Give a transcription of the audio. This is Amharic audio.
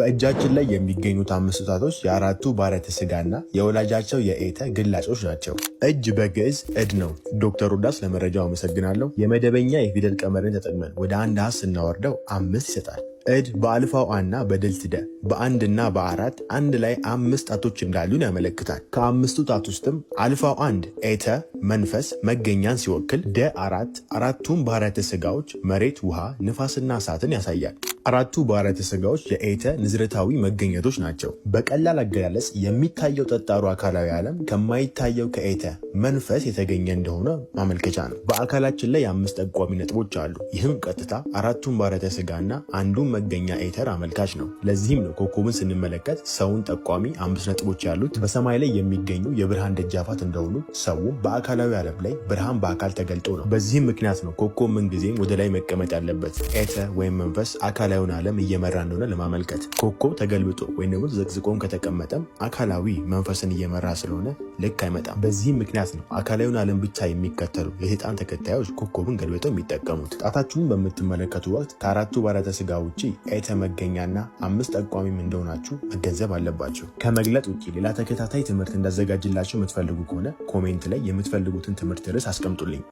በእጃችን ላይ የሚገኙት አምስት ጣቶች የአራቱ ባረተ ስጋና የወላጃቸው የኤተ ግላጮች ናቸው። እጅ በግዕዝ እድ ነው። ዶክተር ሩዳስ ለመረጃው አመሰግናለሁ። የመደበኛ የፊደል ቀመርን ተጠቅመን ወደ አንድ ሀ ስናወርደው አምስት ይሰጣል። እድ በአልፋው አና በድል ትደ በአንድና በአራት አንድ ላይ አምስት ጣቶች እንዳሉን ያመለክታል። ከአምስቱ ጣት ውስጥም አልፋው አንድ ኤተ መንፈስ መገኛን ሲወክል ደ አራት አራቱም ባህርያተ ስጋዎች መሬት፣ ውሃ፣ ንፋስና እሳትን ያሳያል። አራቱ ባህርያተ ስጋዎች የኤተ ንዝረታዊ መገኘቶች ናቸው። በቀላል አገላለጽ የሚታየው ጠጣሩ አካላዊ ዓለም ከማይታየው ከኤተ መንፈስ የተገኘ እንደሆነ ማመልከቻ ነው። በአካላችን ላይ አምስት ጠቋሚ ነጥቦች አሉ። ይህም ቀጥታ አራቱን ባህርያተ ስጋና አንዱን መገኛ ኤተር አመልካች ነው። ለዚህም ነው ኮከብን ስንመለከት ሰውን ጠቋሚ አምስት ነጥቦች ያሉት በሰማይ ላይ የሚገኙ የብርሃን ደጃፋት እንደሆኑ ሰውም በአካል አካላዊ ዓለም ላይ ብርሃን በአካል ተገልጦ ነው። በዚህም ምክንያት ነው ኮከብ ምንጊዜም ወደ ላይ መቀመጥ ያለበት። ኤተ ወይም መንፈስ አካላዊውን ዓለም እየመራ እንደሆነ ለማመልከት ኮከብ ተገልብጦ ወይም ደግሞ ዘቅዝቆም ከተቀመጠም አካላዊ መንፈስን እየመራ ስለሆነ ልክ አይመጣም። በዚህም ምክንያት ነው አካላዊውን ዓለም ብቻ የሚከተሉ የሴጣን ተከታዮች ኮከብን ገልብጠው የሚጠቀሙት። ጣታችሁን በምትመለከቱ ወቅት ከአራቱ ባለተ ስጋ ውጪ ኤተ መገኛና አምስት ጠቋሚም እንደሆናችሁ መገንዘብ አለባቸው። ከመግለጥ ውጭ ሌላ ተከታታይ ትምህርት እንዳዘጋጅላቸው የምትፈልጉ ከሆነ ኮሜንት ላይ የምትፈልጉ የምትፈልጉትን ትምህርት ርዕስ አስቀምጡልኝ።